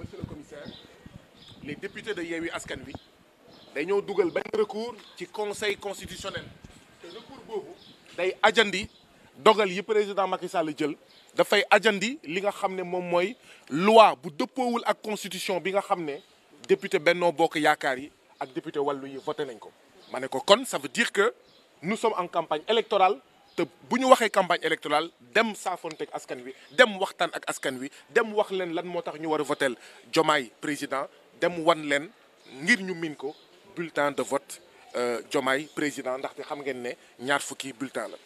monsieur le commissaire les députés de Yéwi Askanvi ont recours au conseil constitutionnel Ce recours président Macky Sall ajandi loi bu la constitution député Benno Bokk Yakari député voté ça veut dire que nous sommes en campagne électorale te bu ñu waxee campagne électorale dem saafonteeg askan wi dem waxtaan ak askan wi dem wax leen lan moo tax ñu war a votel Jomaay président dem wan leen ngir ñu min ko bulletin de vote Jomaay euh, président ndaxte xam ngeen ne ñaar fukki bulletin la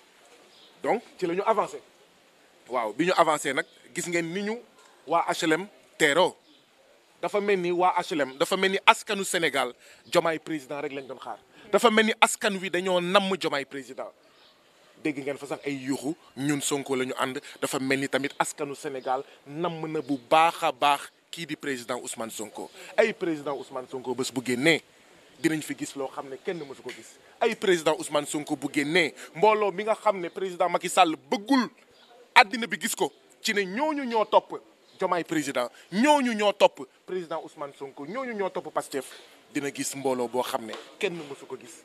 donc ci la ñu avancé waaw bi ñu avancé nag gis ngeen ni ñu waa HLM teeroo dafa mel ni waa HLM dafa mel ni askanu Sénégal Jomaay président rek lañ doon xaar dafa mel ni askan wi dañoo namm Jomaay président dégg ngeen fa sax ay yuxu ñun Sonko lañu and dafa melni tamit askanu Sénégal nam na bu baax baax kii di président Ousmane Sonko ay président Ousmane Sonko bés bu génnee dinañ fi gis loo xam kenn mësu ko gis ay président Ousmane Sonko bu génnee mbooloo mi nga xam ne président Macky Sall bëggul àddina bi gis ko ci ne ñooñu ñoo topp Diomaye président ñooñu ñoo topp président Ousmane Sonko ñooñu ñoo topp Pastef dina gis mbooloo boo xam ne kenn mësu ko gis